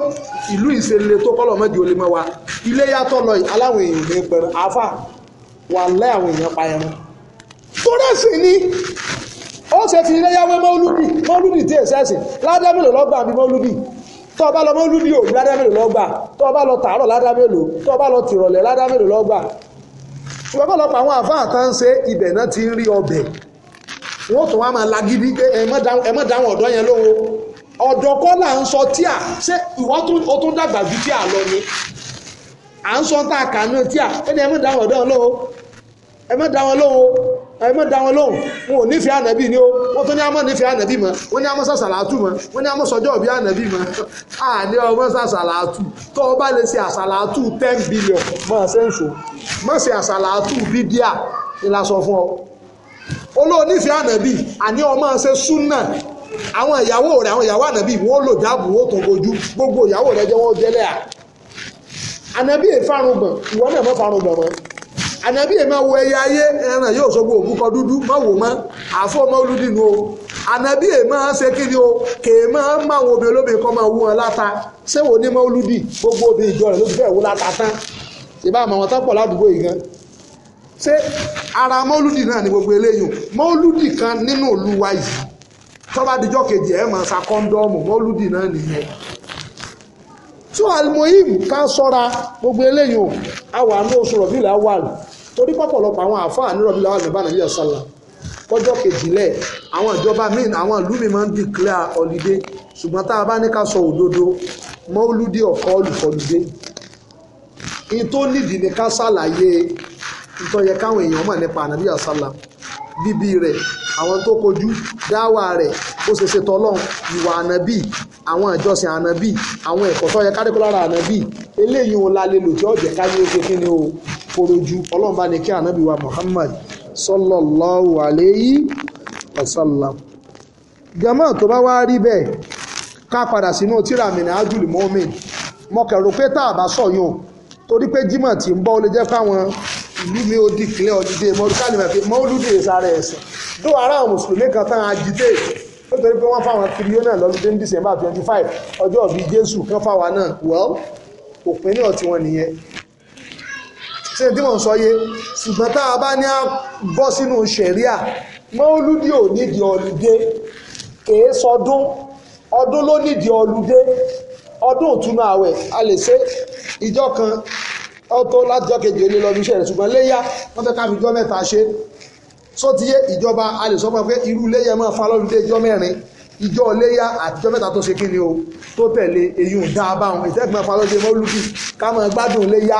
ìlú ìṣẹ̀lẹ̀ tó kọ́lọ̀ mọ́jú olè mọ́ wa ilé yàtọ̀ lọ aláwọn èèyàn ní pẹ̀rẹ̀ àáfà wà láì àwọn èèyàn pa ẹran tó rẹ̀ sí ni ó ṣe fi iléyàwó mọ́lúdì mọ́lúdì tí èsì ẹ̀sìn ládàmìlò lọ́gbà àbí mọ́lúdì tó bá lọ mọ́lúdì òru ládàmìlò lọ́gbà tó bá lọ tàárọ̀ ládàmìlò tó bá lọ tìrọ̀lẹ̀ ládàmìlò lọ́gbà ọ̀pọ̀lọpọ̀ àwọn àfáà kan ṣe ibẹ̀ náà ti ń rí ọbẹ̀ wọ́n tún wá máa lagidi pé ẹ má dáhùn ọ̀dọ́ yẹn lóhùn ọ̀dọ́ kọ́ là ń sọ tíà ṣé ìwọ́n tún dàgbà ju tíà lọ ni à ń sọ tá a kà ní tíà ẹni ẹ má dáhùn ọ̀dọ́ yẹn lóhùn ẹ má dáhùn lóhùn ẹ mọ da wọn lóhùn wọn ò nífẹ̀ẹ́ ànábì ni ó wọn tó ní àmọ́ nífẹ̀ẹ́ ànábì mọ́ wọn ní àmọ́ sàṣàlátù mọ́ wọn ní àmọ́ sọjọ́ òbí ànábì mọ́ àní ọmọ sàṣàlátù tó o bá lè ṣe àṣàlátù ten billion mọ́ ẹ sẹ́ńsọ mọ́ ṣe àṣàlátù bídíà ìlà sọ fún ọ. olóò nífẹ̀ẹ́ ànábì àní ọmọ ṣe súnà àwọn ìyàwó rẹ àwọn ìyàwó ànábì wọn lò jáàbù wọn tó gojú gbogbo ìyàwó rẹ jẹ́ wọ́n jẹ́lẹ̀ à ànábì èèfàrùngbọ̀n ìwọ náà mọ́ fàrùngbọ̀n mọ́ ànábì yẹn máa wo ẹyẹ ayé ẹran yóò sọgbó òbúkọ dúdú má wò mọ́ àfọ ọmọ olúdìnnú o ànábì yẹn máa ṣe kí ni o kè é máa ń máa wọn obìnrin olóbìnrin kan máa wú wọn láta ṣé wo ní máa olúdì gbogbo obìnrin ìjọ rẹ̀ ló ti fẹ́ wú láta tán ìbá àmọ́ wọn tán pọ̀ ládùúgbò yìí gan ṣé ara mọ́lúdì náà ni gbogbo eléyìí mọ́lúdì kan nínú ìlú wa yìí tọ́ba dijọ́ kejì ẹ̀ máa sa kọ́ńdọ́ọ̀mù mọ́lúdì náà nìyẹn tó alimoyim ká sọ́ra gbogbo eléyìí o a wà oṣù rọ̀bìlà wà torí pọ̀pọ̀lọpọ̀ àwọn àáfàá nírọ̀bí làwọn àgbẹ̀ bá nàbí ọ̀sálà kọjọ́ kejìlẹ̀ àwọn ìjọba míì àwọn ìlú mi máa ń declare holiday ṣùgbọ́n tá a bá ní ká sọ òdodo mọ́lúdí ọ̀kọ́ olùfọ̀lùdé in tó nídìí ni ká ṣàlàyé ìtọ́ yẹ káwọn èèyàn mọ̀ nípa ànábì àṣàlà bíbí rẹ̀ àwọn tó kojú dáwà rẹ̀ ó ṣe ṣe tọ́lọ́n ìwà ànábì àwọn ìjọsìn ànábì àwọn ẹ̀kọ́ tó yẹ ká dẹ́kọ́ lára ànábì eléyìí ò la lè lò tí ọ̀jẹ̀ káyé ó ṣe kí ni o forojú ọlọ́run bá ní kí ànábì wa Muhammad sallallahu alayhi wa tó bá wá rí bẹ́ẹ̀ ká padà sínú tíra mi ní ajul mohamed pé tá a bá torí pé Jímọ̀ tí ń bọ̀ ó lè jẹ́ káwọn ìlú mi ò di kílẹ̀ ọdídé mọ́lúkálì mẹ́fì mọ́lúdé sára ẹ̀sìn tó ara mùsùlùmí kan tán ajídé nítorí pé wọ́n fáwọn tírílíọ̀nà lọ́dún ní December twenty five ọjọ́ ìbí Jésù kan fáwọn náà well òpin náà tiwọn nìyẹn ṣe tí mò ń sọ yé ṣùgbọ́n tá a bá ní a bọ́ sínú ṣẹ̀ríà mọ́lúdì ò nídìí ọlùdé kèé sọdún ọdún ló nídìí ọlùdé ọdún ìtúnu àwẹ̀ a lè ṣe ìjọ kan ọtọ láti jọ kejì olè lọ́dún iṣẹ́ rẹ̀ ṣùgbọ́n léyà wọ́n fẹ́ ká fi jọ mẹ́ta ṣe só ti yé ìjọba a lè sọ fún ẹ pé irú léyà máa fa lọ́dún dé ìjọ mẹ́rin ìjọ léyà àtijọ́ mẹ́ta tó ṣe kíni o tó tẹ̀lé eyín dáa báwọn ìtẹ́gbọ̀n fa lọ́dún mọ́lúdì ká máa gbádùn léyà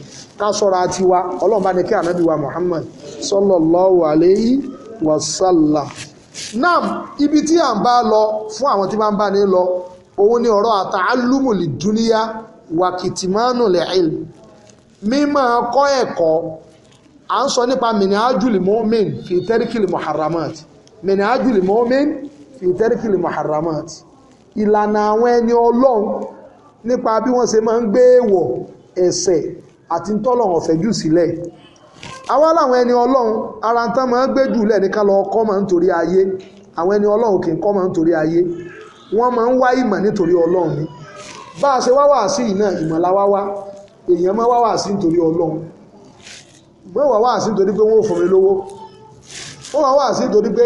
ka sọrọ atiwa wa ọlọ́run bá ní kí ànábì Muhammad sallallahu alayhi ibi tí à ń lọ fún àwọn tí máa ń bá ní lọ òun ni ọ̀rọ̀ àtàlùmù lè wàkìtìmánù lè ilm mímọ́ ẹ̀kọ́ a ń sọ nípa mini ìlànà àwọn ẹni ọlọ́run nípa bí wọ́n máa àti ntọ́lọ́run ọ̀fẹ́ jù sílẹ̀ àwa làwọn ẹni ọlọ́run ara tán máa ń gbé jù lẹ̀ ní ká lọ máa ayé àwọn ẹni ọlọ́run kì í kọ́ máa ń torí ayé wọ́n máa ń wá ìmọ̀ nítorí ọlọ́run ni bá a ṣe wá wà sí iná ìmọ̀ wá wá èèyàn máa wá sí nítorí ọlọ́run wọ́n wá sí nítorí pé wọ́n ò mi lówó wọ́n wá sí nítorí pé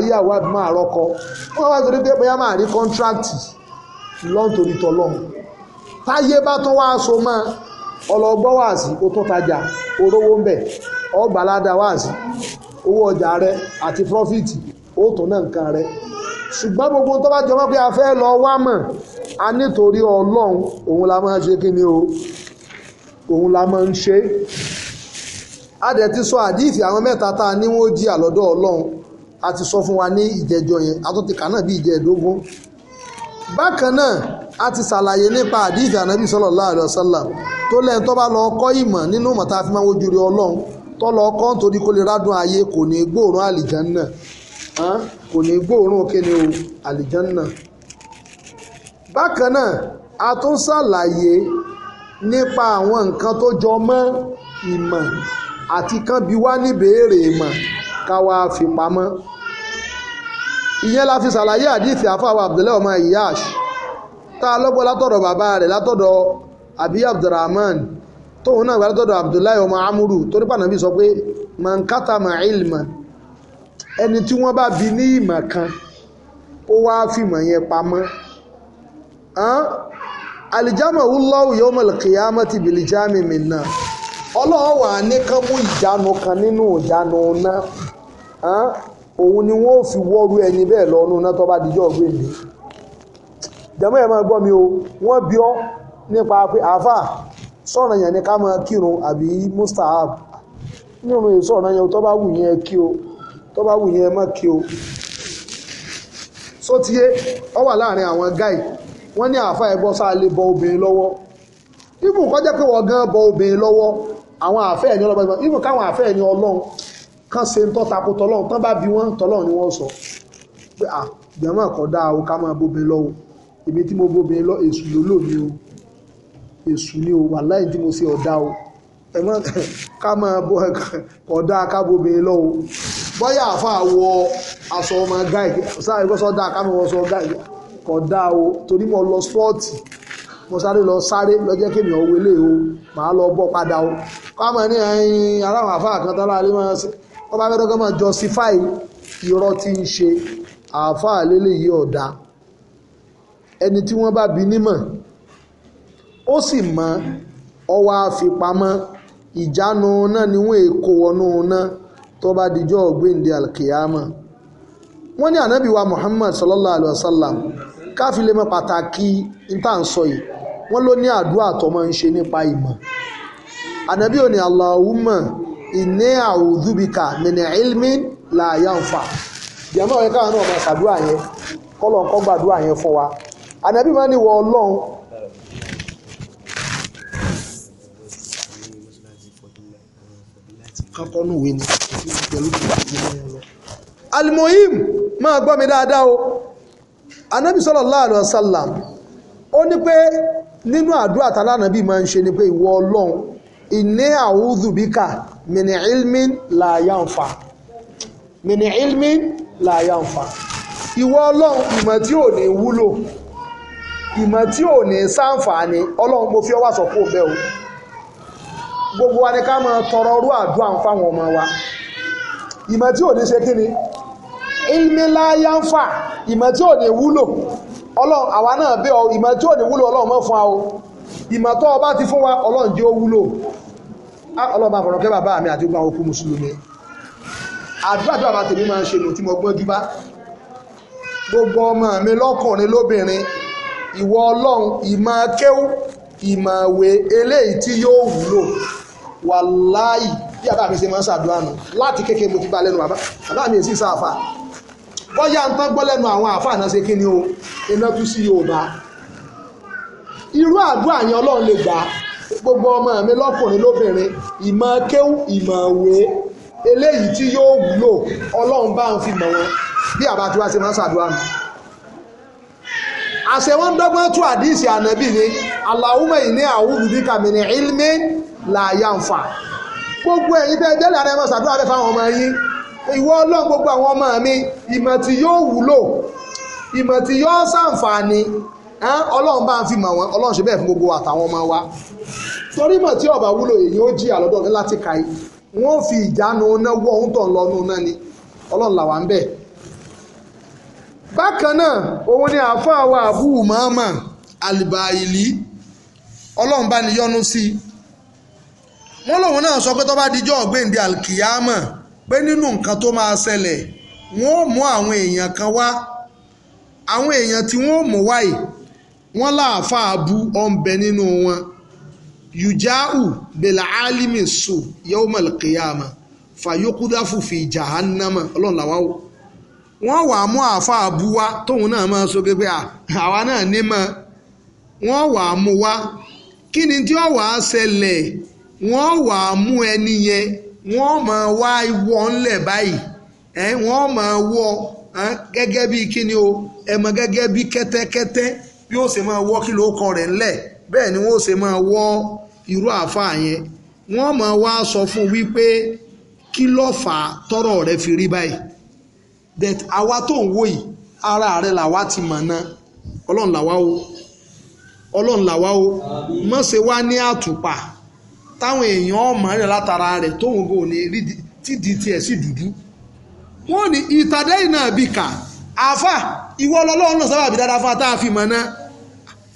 rí àbí máa rọ́kọ wọ́n wá sí nítorí pé ṣùgbọ́n torí tọlọ́run táyé bá tán wá so mọ́ ọlọ́gbọ́ wáàsí ó tó tajà orówó ń bẹ̀ ọgbàládà wáàsí owó ọjà rẹ àti prọ́fìtì ó tó náà nǹkan rẹ ṣùgbọ́n gbogbo tó bá jọ pé a fẹ́ lọ wá mọ̀ a nítorí ọlọ́run òun la máa ń ṣe kí ni o òun la máa ń ṣe a dẹ̀ ti sọ àdífì àwọn mẹ́ta tá a ní wọ́n jí àlọ́dọ̀ ọlọ́run a ti sọ fún wa ní ìjẹjọ yẹn a tún ti kà náà bí ìjẹ́ẹ̀dógún bákan náà a ti ṣàlàyé nípa àdìsí ànábì sallallahu alaihi wasallam tó lẹ́yìn tó bá lọ kọ́ ìmọ̀ nínú ìmọ̀ tá a fi máa wojú rí ọlọ́run tó lọ kọ́ nítorí kó lè rádùn ayé kò ní gbóòórùn àlìjánná kò ní gbóòórùn kíni o àlìjánná. bákan náà a tún ṣàlàyé nípa àwọn nǹkan tó jọ mọ́ ìmọ̀ àti kan bí wá níbèérè ìmọ̀ ká fi pamọ́ ìyẹn la fi ṣàlàyé àdìsí àfàwọ̀ abdullahi ọmọ iyash tá a lọ́gbọ́ látọ̀dọ̀ bàbá rẹ̀ látọ̀dọ̀ àbí abdulrahman tóun náà gbà látọ̀dọ̀ abdullahi ọmọ amuru torí pànàbí sọ pé mankatama ilma ẹni tí wọ́n bá bi ní ìmọ̀ kan ó wá fìmọ̀ yẹn pamọ́ alijama wúlọ́wù yóò mọ̀ lẹ́kìyàmọ́ ti bìlì jámi mi náà ọlọ́wọ́ wà ní kán mú ìjánu kan nínú ìjánu náà òun ni wọ́n fi wọ́rú ẹni bẹ́ẹ̀ lọ ọ̀nà tó bá dijọ́ gbèǹde ẹ̀ máa gbọ́ mi o wọ́n bí ọ́ nípa pé àáfà sọ̀rọ̀ yẹn ni ká máa kírun àbí o wù yẹn má o ọ wà láàrin àwọn gáì wọ́n ní àáfà bọ obìnrin lọ́wọ́ pé wọ́n gan bọ obìnrin lọ́wọ́ àwọn kán ṣe ń tọ́ tako tọ́lọ́run tán bá bí wọ́n tọ́lọ́run ni wọ́n sọ pé à jẹ́mọ̀ kọ́ dáa o ká máa bóbin lọ́wọ́ èmi tí mo bóbin lọ èṣù ló lò mí o èṣù ni o wà láyé tí mo ṣe ọ̀dá o ẹ̀mọ́ ká máa bó kọ́ dáa ká bóbin lọ́wọ́ bọ́yá àfa wọ aṣọ ọmọ gáì sáré kọ́sọ́ dáa ká máa wọ aṣọ gáì kọ́ dáa o torí mo lọ spọ́ọ̀tì mo sáré lọ sáré lọ́jọ́ kí ènìyàn wọlé o màá lọ bọ́ padà o ká máa ní ẹyin aráwọ̀ àfa àkàntà láàrin máa ọba mẹ́rin kan máa justify irọ́ tí ń ṣe àáfàá lélẹ̀ yìí ẹni tí wọ́n bá bi nímọ̀ ó sì mọ ọwọ́ àfipamọ́ ìjánu náà níwọ̀n èkó wọnú náà tó bá dijọ́ ọ̀gbìndé alkiyama wọ́n ní Anabiwa Muhammad sallallahu alayhi wa pàtàkì yìí wọ́n ní àdúrà tó máa ń nípa ìmọ̀ ìní àwùdúbìkà mìnà ilmin làyà nfà jẹ́mọ́ ẹ̀ka àwọn ọmọ ṣàdúrà yẹn kọ́lọ̀ ń kọ́ gbàdúrà yẹn fún wa ànábì máa ní wọ ọlọ́run kakọ́nù wé ni pẹ̀lú alimoyim máa gbọ́ mi dáadáa o ànábì sallallahu alaihi wasallam ó ní pé nínú àdúrà tàlánàbí máa ń ṣe ni pé ìwọ ọlọ́run inni a'udhu bika min ilmin la yanfa min ilmin la yanfa ìwọ ọlọ́run ìmọ̀ tí ò ní wúlò ìmọ̀ tí ò ní sáǹfààní ọlọ́run mo fi ọwọ́ àsọ̀kò bẹ́ẹ̀ o gbogbo wa ni ká máa tọrọ ọrú àdúrà ń fáwọn ọmọ wa ìmọ̀ tí ò ní ṣe kíni ìmìláyà ń ìmọ̀ tí ò ní wúlò ọlọ́run àwa náà bẹ́ẹ̀ o ìmọ̀ tí ò ní wúlò ọlọ́run mọ́ fún wa o ìmọ̀ tó ọba ti fún wa ọlọ́run jẹ́ ó wúlò ọlọ́run bá fọ̀rọ̀ kẹ́ bàbá mi àti gbogbo àwọn òkú mùsùlùmí àdúrà tó bàbá tèmi máa ń ṣe lò tí mo gbọ́n jú bá gbogbo ọmọ mi lọ́kùnrin lóbìnrin ìwọ ọlọ́run ìmọ̀ kéwú ìmọ̀ ìwé eléyìí tí yóò wúlò wàláì bí bàbá mi ṣe máa ń ṣàdúrà nù láti kékeré mo ti bá lẹ́nu bàbá bàbá mi èsì sáfà bọ́yá ń tán gbọ́ lẹ́nu àwọn àfáà náà ṣe kí ni o iná tú sí Yorùbá irú àdúrà yẹn ọlọ́run lè gbà gbogbo ọmọ mi lọ́kùnrin lóbìnrin ìmọ̀ kéwù ìmọ̀ òwe eléyìí tí yóò wúlò ọlọ́run bá ń fi mọ̀ wọn bí àbá tí wá ṣe máa ń ṣàdúrà mi. àṣẹ wọn dọ́gbọ́n tú àdíìsì ànábì ni aláwùmọ̀ yìí ní àwùjù bí kàmìnì ilmi làyà ń fà gbogbo ẹ̀yin tẹ́ jẹ́lẹ̀ ara ẹ̀ máa ṣàdúrà bẹ́ẹ̀ fáwọn ọmọ yín ìwọ ọlọ́run gbogbo àwọn ọmọ mi ìmọ̀ tí yóò wúlò ìmọ̀ tí yóò ṣàǹfààní ọlọ́run bá ń fi mọ̀ wọn ọlọ́run ṣe bẹ́ẹ̀ fún gbogbo àtàwọn ọmọ wa torí mọ̀ tí ọba wúlò èyí ó jí àlọ́dọ̀ ní láti ka yìí wọ́n fi ìjánu iná wọ́ ohun tó lọ ọ̀nù náà ni ọlọ́run bẹ̀. bákan náà òun ni àáfàá wa ọlọ́run bá ní yọ́nú sí i náà sọ pé tó bá wọ́n láàfà àbú ọ̀nbẹ nínú wọn yuja'u bil'alimi su yawmal qiyama fayukudafu fi jahannama ọlọ́run làwọn wò wà mú àáfà abú wa tóun náà máa pé àwa náà ní mọ́ wọ́n wà mú wa kí ni tí wàá wọ́n wà mú ẹni yẹn máa wá ńlẹ̀ báyìí máa gẹ́gẹ́ bí kíni o ẹ gẹ́gẹ́ bí ó ṣe máa wọ́ kí ló kọ rẹ̀ ńlẹ̀ bẹ́ẹ̀ ni wọ́n ṣe máa wọ́ irú àáfàá yẹn wọ́n máa wá sọ fún wípé kí ló fà á tọrọ rẹ fi rí báyìí that àwa tó ń wò yìí ara rẹ làwa ti mọ̀ náà ọlọ́run làwa o ọlọ́run làwa o mọ̀ ṣe wá ní àtùpà táwọn èèyàn ọmọ rẹ látara rẹ tóun kò ní rí tídì tiẹ̀ sí dúdú wọ́n ní ìtàdé ìnàbìkà àáfà ìwọ ọlọ́run náà sábàbí dáadáa fún wa tá a fi mọ̀ náà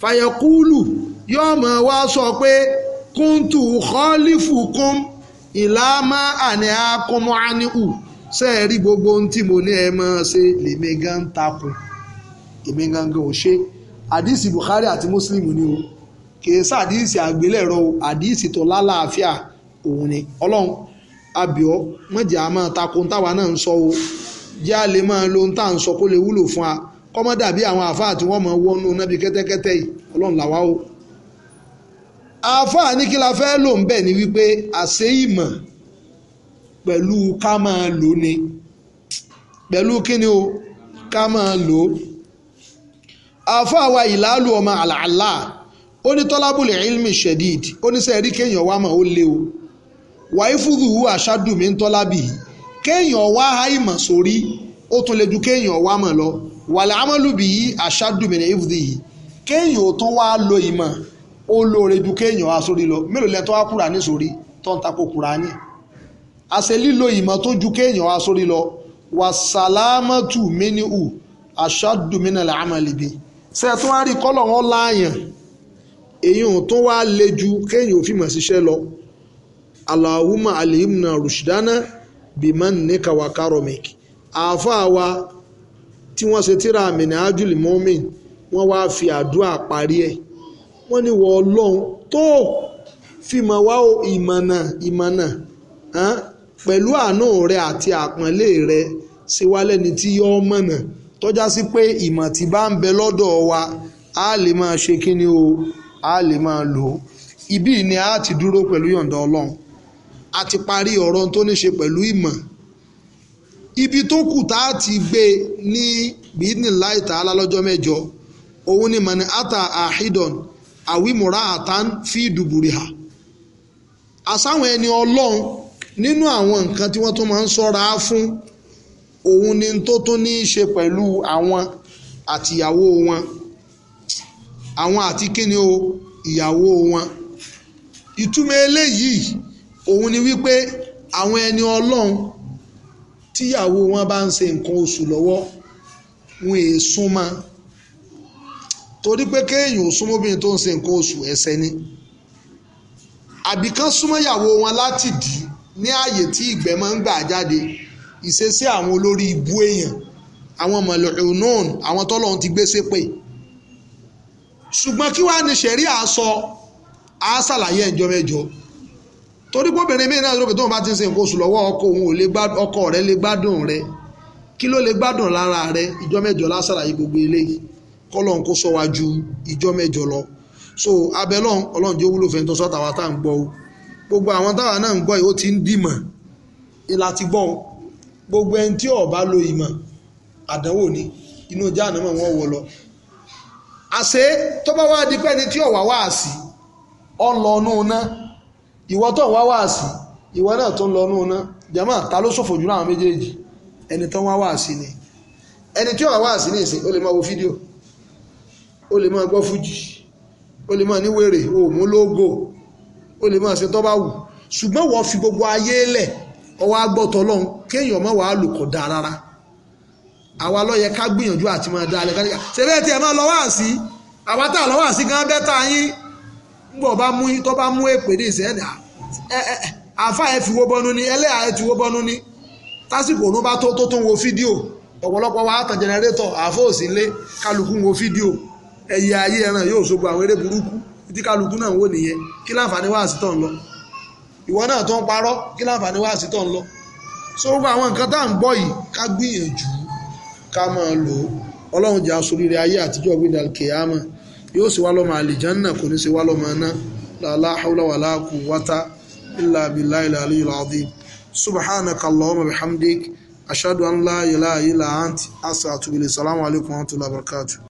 fàyẹ̀kúlù yóò mọ̀ wá sọ pé kúntù kọ́lífù kún ìlàmà àní akọmọ àníhù sẹ́ẹ̀rí gbogbo ohun tí mo ní ẹ máa ṣe lèmi gan takùn èmi gangan ò ṣe àdìsí Bukhari àti Muslim ni o kìí sàdíìsì àgbélẹ̀rọ o àdìsí tó lálàáfíà òun ni ọlọ́run abíọ́ mọ̀jẹ̀ a máa táwa náà ń sọ o jẹ́ a máa lo ohun tá ń sọ kó lè wúlò fún wa kọ́mọ́ dàbí àwọn àáfàá tí wọ́n mọ̀ wọnú nábì kẹ́tẹ́kẹ́tẹ́ yìí ọlọ́run làwa o àáfàá ní kí la fẹ́ lò ń bẹ̀ ni wípé àṣẹ ìmọ̀ pẹ̀lú ká máa lò ni pẹ̀lú kí ni o ká máa lò ó àáfàá wa ìlàlù ọmọ àlàálà ó ilmi shedid ó ní sẹ́ẹ̀rí kéèyàn wá mọ̀ ó lé o wàá fúdùú àṣàdùmí ń tọ́lábì kéèyàn wá háìmọ̀ sórí ó tún lè ju kéèyàn wá mọ̀ lọ wàlẹ̀ amọ́lùbí yìí àṣàdùmìnà ìfúdì yìí kéèyàn ò tán wàá lo ìmọ̀ ó lo, ju kéèyàn á sórí lọ mélòó lẹ́tọ́ á kúrà ní sórí tó ń takò kúrà ní. àṣẹ lílo ìmọ̀ tó ju kéèyàn á sórí lọ wàsàlámàtù mínú àṣàdùmínà làmàlìbí ṣe tó wá rí kọ́lọ̀ wọn láàyàn èyàn tó wá le ju kéèyàn òfin mọ̀ síṣẹ́ lọ aláwùmọ̀ àlèyìmọ̀ rùṣìdáná bímọ̀ ní kàwákàrọ̀mẹ̀kì àáfàá wa tí wọ́n ṣe tíra àmìnà ájúlì mọ́mì wọ́n wá fi àdúrà parí ẹ̀ wọ́n ní wọ́n ọlọ́run tó fi mọ̀ wá ìmọ̀nà ìmọ̀nà pẹ̀lú àánú rẹ àti àpọ́nlé rẹ ṣe wá lẹ́ni tí yọ́ mọ̀nà tọ́já sí pé ìmọ̀ tí bá ń bẹ lọ́dọ̀ wa a lè máa ṣe kíni o a lè máa lò ó ibí ni a ti dúró pẹ̀lú yọ̀ǹda ọlọ́run a ti parí ọ̀rọ̀ tó ní ṣe pẹ̀lú ìmọ̀ ibi tó kù tá a ti gbé ní bíníláì tààlà lọ́jọ́ mẹ́jọ òun ni mani ata ahidon awimura atan fi duburiha àsáwọn ẹni ọlọ́run nínú àwọn nǹkan tí wọ́n tún máa ń ṣọ́ra fún òun ni tó tún ní í ṣe pẹ̀lú àwọn àtìyàwó wọn àwọn àti kíni o ìyàwó wọn ìtumọ̀ eléyìí òun ni wípé àwọn ẹni ọlọ́run tíyàwó wọn bá ń ṣe nǹkan oṣù lọ́wọ́ wọn è súnmọ́ torí pé kéèyàn ò súnmọ́bìnrin tó ń ṣe nǹkan oṣù ẹ̀ṣẹ̀ ni àbí kán súnmọ́yàwó wọn láti dì í ní ààyè tí ìgbẹ́ máa ń gbà jáde ìṣesí àwọn olórí ibú èèyàn àwọn mọ̀lẹ́hùnún àwọn tọ́lọ́hún ti gbé ṣépè ṣùgbọ́n kí wàá ní ṣẹ̀rí àá sọ àá ṣàlàyé ẹ̀jọ́ mẹ́jọ. torí pọ́bìnrin míì náà lóògbé tóun bá ti ń nǹkan ọkọ ọkọ rẹ lè gbádùn rẹ kí ló lè gbádùn lára rẹ ìjọ mẹ́jọ lásàlàyé gbogbo eléyìí kọ́lọ́n kó sọ ju lọ so abẹ́lọ́n ọlọ́run jẹ́ wúlò fẹ́ntọ́ sọ́tà o gbogbo àwọn táwa náà ń gbọ́ yìí ti ń ti o gbogbo ẹni tí ọba lo àdánwò ni inú ìjà wọn wọ lọ ìwọ tó ń wá wáàsí ìwọ náà tó ń lọ núna jama ta ló ṣòfò jù láwọn méjèèjì ẹni tó ń wá wáàsí ni ẹni tí ó wá wáàsí ní ìsìn ó lè máa wo fídíò ó lè máa gbọ́ fújì ó lè máa níwèrè òmú lógo ó lè máa ṣe tó bá wù ṣùgbọ́n wọ́n fi gbogbo ayé lẹ̀ ọwọ́ agbọ́tọ̀ lọ́hùn kéèyàn má wàá lò kọ̀ dáa rárá àwa ló yẹ ká gbìyànjú àti máa dá alẹ́ ngbọ̀ bá mú tó bá mú èpè ní ìsẹ́ẹ̀dá àfa ẹ̀ fi wo bọ́nu ni ẹlẹ́yà ẹ̀ ti wo bọ́nu ni tásìkò òun bá tó tún wo fídíò ọ̀pọ̀lọpọ̀ wa tàn jẹnẹrétọ̀ àfọ́ òsínlé kálukú wo fídíò ẹ̀yẹ ayé ẹran yóò ṣogbo àwọn eré burúkú tí kálukú náà wò nìyẹn kí láǹfààní wá àsìtọ̀ ń lọ ìwọ náà tó ń parọ́ kí láǹfààní wá àsìtọ̀ ń lọ so gbogbo àwọn nǹkan tá à ń gbọ́ yìí ká gbìyànjú ká máa lò ọlọ́run jẹ́ aṣoríire ayé àtijọ́ gbé dàlùkè yóò sì wá lọ́mọ àlìjánná kò ní sì wá lọ́mọ iná làlá hawla wàlá quwwata illa billahil aliyyil azim subhanaka allahumma bihamdik ashhadu an la ilaha illa ant astaghfiruka wa atubu ilayk assalamu alaykum wa rahmatullahi barakatuh